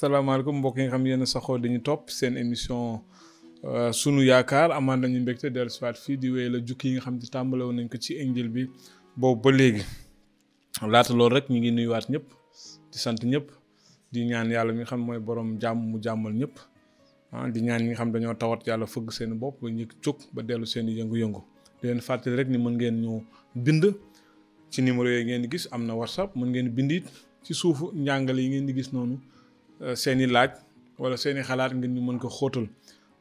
salaamaaleykum mbokk yi nga xam ne yéen a saxoo dañu topp seen émission euh, sunu yaakaar amaan nañu mbégte dellu siwaat fii di wéy la jukki yi nga xam ne tàmbale woon nañ ko ci injil bi boobu ba léegi laata loolu rek ñu ngi nuyuwaat ñëpp di sant ñëpp di ñaan yàlla mi xam mooy borom jàmm mu jàmmal ñëpp ah, di ñaan ñi nga xam dañoo tawat yàlla fëgg seen bopp ba ñi jóg ba dellu seen yëngu-yëngu di leen fàttali rek ni mën ngeen ñu bind ci numéro yi ngeen di gis am na whatsapp mën ngeen bind it ci suufu njàngale yi ngeen di gis noonu Euh, seen i laaj wala seen i xalaat ngir ñu mën ko xóotal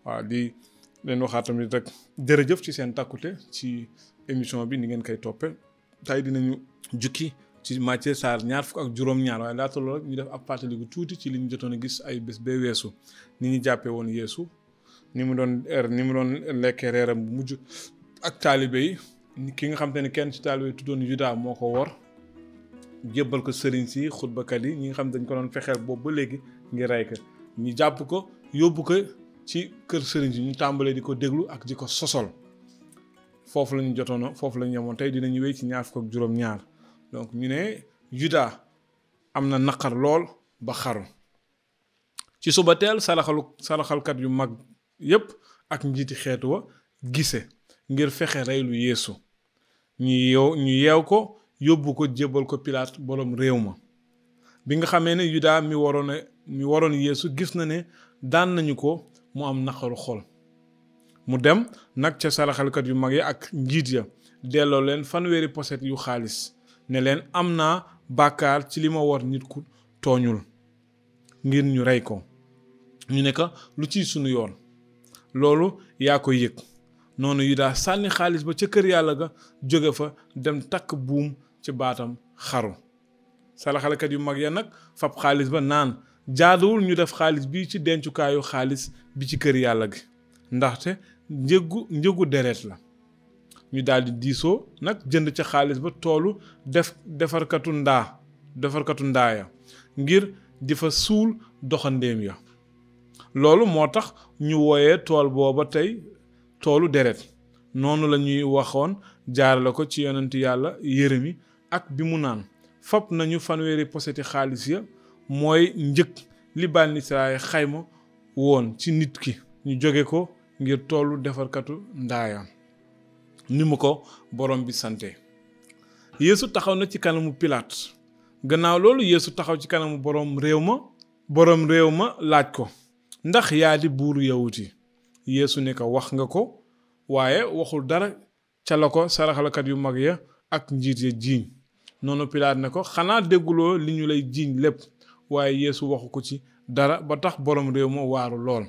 waaw di leen waxaat tamit rek jërëjëf ci seen takkute ci émission bi ni ngeen koy toppe tey ñu jukki ci Matthieu Sarr ñaar fukk ak juróom-ñaar waaye laata loolu rek ñu def ab fàttaliku tuuti ci li ñu jotoon a gis ay bés bee weesu ni ñu jàppee woon yéesu ni mu doon er, ni mu doon lekkee reeram bu mujj ak taalibe yi ki nga xam te ne kenn ci taalibe tuddoon Yuda moo ko wor jébbal ko sëriñ si xutbakat yi ñi nga xam dañ ko doon fexeel boobu ba léegi ngir rey ko ñu jàpp ko yóbbu ko ci kër sëriñ si ñu tàmbalee di ko déglu ak di ko sosol foofu lañu ñu foofu la ñu yemoon tey dinañu wéy ci ñaar ko ak juróom-ñaar donc ñu ne Juda am na naqar lool ba xaru ci suba teel saraxalu saraxalkat yu mag yépp ak njiiti xeetu wa gise ngir fexe rey lu yéesu ñu yeew ñu yeew ko yóbbu ko jébbal ko Pilaat boroom réew ma bi nga xamee ne Yuda mi waroon mi waroon yéesu gis na ne daan nañu ko mu am naqaru xol mu dem nag ca saraxalkat yu mag yi ak njiit ya delloo leen fanweeri poset yu xaalis ne leen am naa bàkkaar ci li ma war nit ku tooñul ngir ñu rey ko ñu ne ko lu ciy sunu yoon loolu yaa ko yëg noonu Yuda sànni xaalis ba ca kër yàlla ga jóge fa dem takk buum ci baatam xaru salaxalekat yu mag ya nag fab xaalis ba naan jaaduwul ñu def xaalis bi ci dencukaayu xaalis bi ci kër yàlla gi ndaxte njëgu njëgu deret la ñu daldi diisoo nag jënd ca xaalis ba toolu def defarkatu ndaa defarkatu ndaa ya ngir di fa suul doxandéem ya loolu moo tax ñu wooyee tool booba tey toolu deret noonu la waxoon jaarale ko ci yonentu yàlla yërëmi ak bi mu naan fab nañu fanweeri poseti xaalis ya mooy njëg li bànni xayma woon ci nit ki ñu jóge ko ngir tollu defarkatu ndaayam ni mu ko borom bi sante yéesu taxaw na ci kanamu pilaat gannaaw loolu yéesu taxaw ci kanamu borom réew ma borom réew ma laaj ko ndax yaa di buuru yawut yi yéesu ne ko wax nga ko waaye waxul dara ca la ko saraxalakat yu mag ya ak njiit ya jiiñ noonu Pilaat ne ko xanaa dégguloo li ñu lay jiiñ lépp waaye Yeesu waxu ko ci dara ba tax borom réew ma waaru lool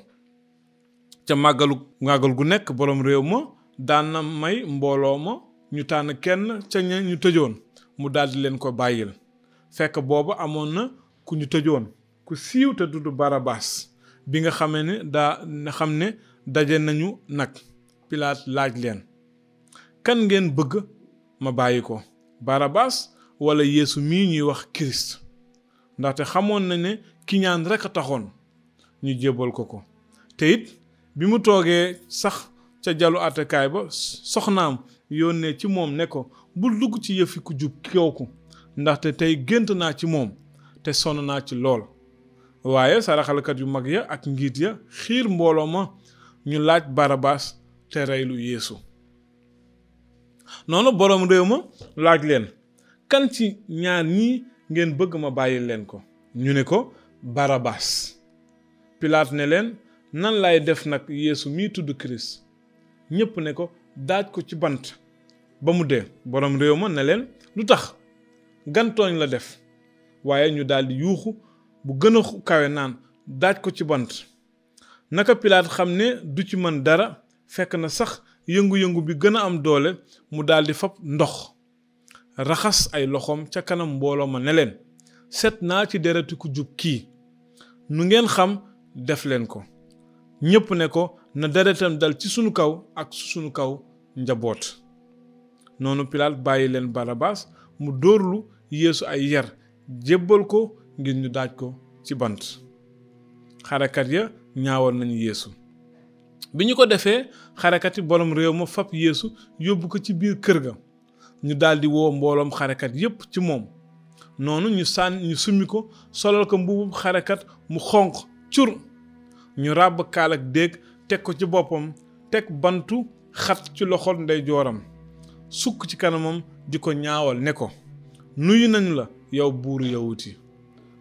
ca màggalu màggal gu nekk boroom réew ma daan na may mbooloo ma ñu tànn kenn ca ña ñu tëjoon mu daldi leen ko bàyyil fekk booba amoon na ku ñu tëjoon ku siiw te dudd Barabaas bi nga xamee ne daa xam ne daje nañu nag Pilaat laaj leen kan ngeen bëgg ma bàyyi ko Barabas wala yéesu mi ñuy wax Kirist ndaxte xamoon na ne kiñaan rekk a taxoon ñu jébbal ko ko te it bi mu toogee sax ca jalu àttekaay ba soxnaam yónnee ci moom ne ko bul dugg ci yëfi ku kooku ndaxte tey gént naa ci moom te sonn naa ci lool waaye saraxalkat yu mag ya ak ngiit ya xiir mbooloo ma ñu laaj Barabas te reylu Yeesu noonu boroom réew ma laaj leen kan ci ñaar ñii ngeen bëgg ma bàyyi leen ko ñu ne ko Barabas Pilaat ne leen nan laay def nag yéesu mii tudd Kirist ñépp ne ko daaj ko ci bant ba mu dee boroom réew ma ne leen lu tax gantooñ la def waaye ñu daldi yuuxu bu gëna a kawe naan daaj ko ci bant naka Pilaat xam ne du ci mën dara fekk na sax yëngu-yëngu bi gën a am doole mu daldi fab ndox raxas ay loxoom ca kanam mbooloo ma ne leen set naa ci deretu ku jub kii nu ngeen xam def leen ko ñépp ne ko na deretam dal ci sunu kaw ak sunu kaw njaboot noonu Pilaat bàyyi leen Barabaas mu dóorlu yéesu ay yar jébbal ko ngir ñu daaj ko ci bant xarekat ya ñaawal nañu yéesu bi ñu ko defee xarekati boroom réew ma fab yéesu yóbbu ko ci biir kër ga ñu daldi woo mbooloom xarekat yépp ci moom noonu ñu sànn ñu summi ko solal ko mbubu xarekat mu xonq cur ñu ràbb kaal ak déeg teg ko ci boppam teg bantu xat ci loxo ndeyjooram sukk ci kanamam di ko ñaawal ne ko nuyu nañu la yow buuru yawut yi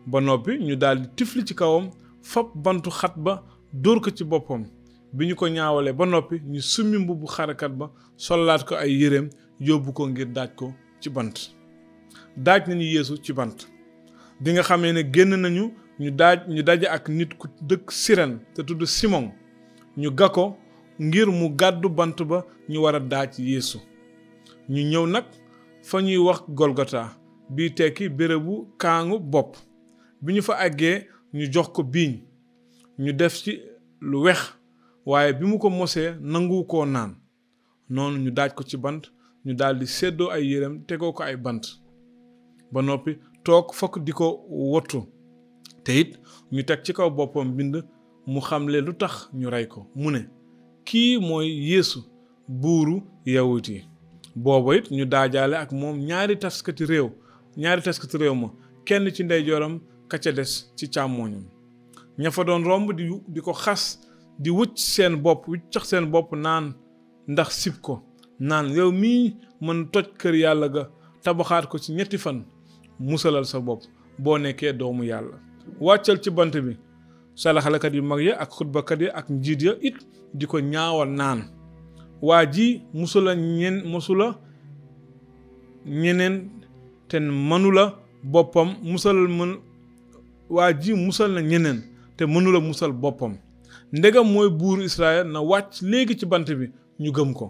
ba noppi ñu daldi tifli ci kawam fab bantu xat ba dóor ko ci boppam bi ñu ko ñaawalee ba noppi ñu summi mbubbu xarekat ba sollaat ko ay yéreem yóbbu ko ngir daaj ko ci bant daaj nañu yeesu ci bant bi xamee ne génn nañu ñu daaj ñu daje ak nit ku dëkk siren te tudd Simon ñu ga ko ngir mu gàddu bant ba ñu war a daaj yéesu ñu ñëw nag fa ñuy wax Golgota bi tekki bérébu kaangu bopp bi ñu fa àggee ñu jox ko biiñ ñu def ci lu wex waaye bi mu ko mosee nangu ko naan noonu ñu daaj ko ci bant ñu daal di séddoo ay yérem tegoo ko ay bant ba noppi toog fokk di ko wottu te it ñu teg ci kaw boppam bind mu xam xamle lu tax ñu rey ko mu ne kii mooy yéesu buuru yawut yi booba it ñu daajaale ak moom ñaari taskati réew ñaari taskati réew ma kenn ci ndeyjooram ka ca des ci càmmooñam ña fa doon romb di ko xas di wëcc seen bopp wëccax seen bopp naan ndax sib ko naan yow mii mën toj kër yàlla ga tabaxaat ko ci ñetti fan musalal sa bopp boo nekkee doomu yàlla wàccal ci bant bi salaxalakat yu mag ya ak xutbakat ya ak njiit ya it di ko ñaawal naan waa ji musula ñen musula ñeneen te manula boppam musal mën waa ji musal na ñeneen te mënula musal boppam ndegam mooy buur Israël na wàcc léegi ci bant bi ñu gëm ko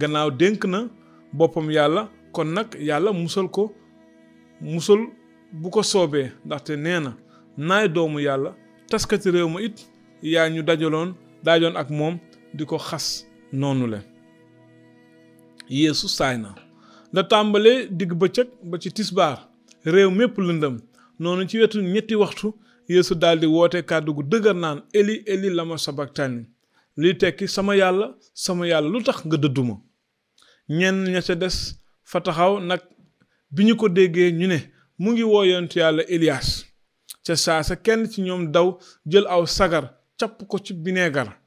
gannaaw dénk na boppam yàlla kon nag yàlla musal ko musal bu ko soobee ndaxte nee na naay doomu yàlla taskati réew ma it yaa ñu dajaloon daajoon ak moom di ko xas noonu le yéesu saay na la tàmbalee digg bëccëg ba ci tisbaar réew mépp lëndëm noonu ci wetu ñetti waxtu yéesu daldi woote kàddu gu dëgër naan eli eli lama sabaktaani li tekki sama yàlla sama yàlla lu tax nga dëdduma ñenn ña ca des fa taxaw nag bi ñu ko déggee ñu ne mu ngi woo yonentu yàlla Elias ca saa sa kenn ci ñoom daw jël aw sagar capp ko ci bineegar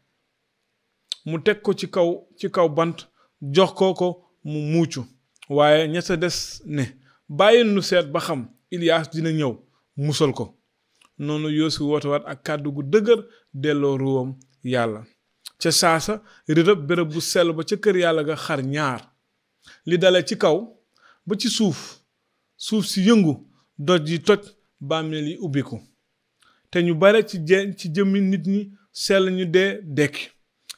mu teg ko ci kaw ci kaw bant jox ko ko mu muucu waaye ña ca des ne bàyyil nu seet ba xam Ilias dina ñëw musal ko noonu Yoosuf wootewaat ak kàddu gu dëgër delloo ruwam yàlla ca saasa rirëb béréb bu sell ba ca kër yàlla ga xar ñaar li dale ci kaw ba ci suuf suuf si yëngu doj yi toj bàmmeel yi ubbiku te ñu bare ci jeen ci jëmmi nit ñi sell ñu dee dekki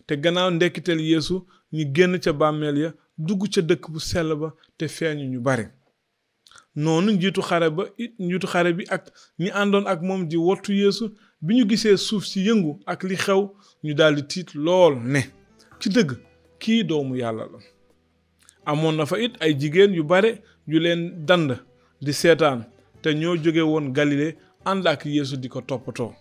te gannaaw ndekkiteel yéesu ñu génn ca bàmmeel ya dugg ca dëkk bu sell ba te feeñu ñu bare noonu njiitu xare bi ak ñi àndoon ak moom di wottu yéesu bi ñu gisee suuf si yëngu ak li xew ñu daldi tiit lool ne ci dëgg kii doomu yàlla la amoon na fa it ay jigéen yu bare yu leen dand di seetaan te ñoo jóge woon Galile ànd ak Yeesu di ko toppatoo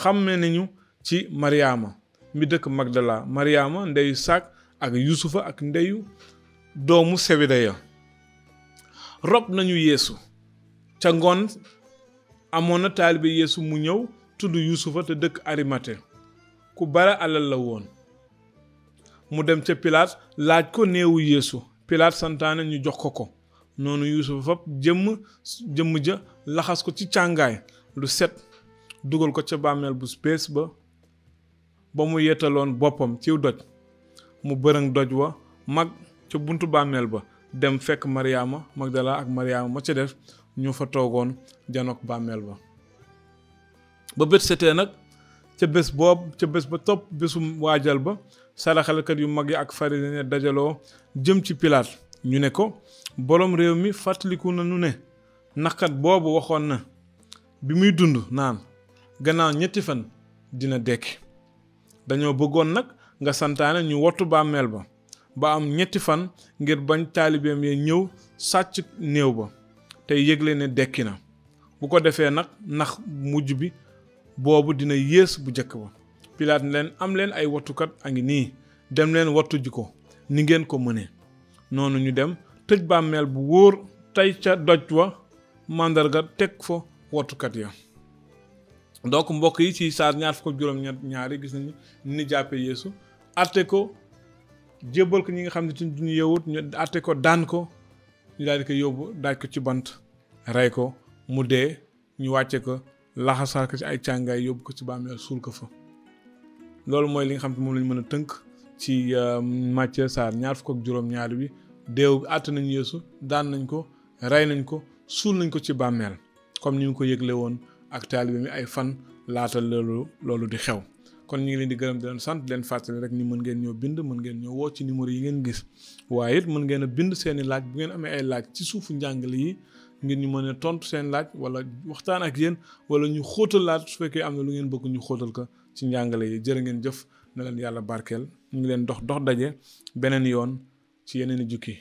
xàmme nañu ci Mariama mi dëkk Magdala Mariama ndeyu Saak ak Yusufa ak ndeyu doomu Sebede ya rob nañu yéesu ca ngoon amoon na taalibe yeesu mu ñëw tudd yuusufa te dëkk arimate ku bare alal la woon mu dem ca pilaat laaj ko néewu yéesu pilaat santaane ñu jox ko ko noonu yuusufa fab jëmm jëmm ja laxas ko ci càngaay lu set dugal ko ca bàmmeel bu bees ba ba mu yettaloon boppam ciw doj mu bërëng doj wa mag ca buntu bàmmeel ba dem fekk Mariama Magdala ak Mariama ma ca def ñu fa toogoon janook bàmmeel ba ba bët setee nag ca bés boobu ca bés ba topp bésum waajal ba saraxalkat yu mag yi ak farine dajaloo jëm ci pilaat ñu ne ko boroom réew mi fàttaliku na nu ne naxkat boobu waxoon na bi muy dund naan gannaaw ñetti fan dina dekki dañoo bëggoon nag nga santaane ñu wottu bàmmeel ba ba am ñetti fan ngir bañ taalibeem ya ñëw sàcc néew ba tey yëgle ne dekki na bu ko defee nag ndax mujj bi boobu dina yées bu njëkk ba pilaat ne leen am leen ay wattukat a ngi nii dem leen wattu ko ni ngeen ko mënee noonu ñu dem tëj bàmmeel bu wóor tey ca doj wa màndarga teg fa wattukat ya donc mbokk yi ci saar ñaar fukk juróom-ñett ñaari gis nañu ni jàppe yéesu àtte ko jébbal ko ñi nga xam ne ci duñu yowut ñu àtte ko daan ko ñu daal ko yóbbu daaj ko ci bant rey ko mu dee ñu wàcce ko laxasaar ko ci ay càngaay yóbbu ko ci bàmmeel suul ko fa loolu mooy li nga xam te moom lañ mën a tënk ci euh, Matthieu Sarr ñaar fukk ak juróom-ñaar bi déew àtte nañ yéesu daan nañ ko rey nañ ko suul nañ ko ci bàmmeel comme ni mu ko yëgle woon ak taalibe mi ay fan laata loolu loolu di xew kon ñu ngi leen di gërëm di leen sant di leen fàttali rek ni mën ngeen ñoo bind mën ngeen ñoo woo ci numéro yi ngeen gis waaye it mën ngeen a bind seen i laaj bu ngeen amee ay laaj ci suufu njàngale yi ngir ñu mën a tontu seen laaj wala waxtaan ak yéen wala ñu xóotal laaj su fekkee am na lu ngeen bëgg ñu xóotal ko ci njàngale yi jërë ngeen jëf na leen yàlla barkeel mu ngi leen dox dox daje beneen yoon ci yeneen i jukki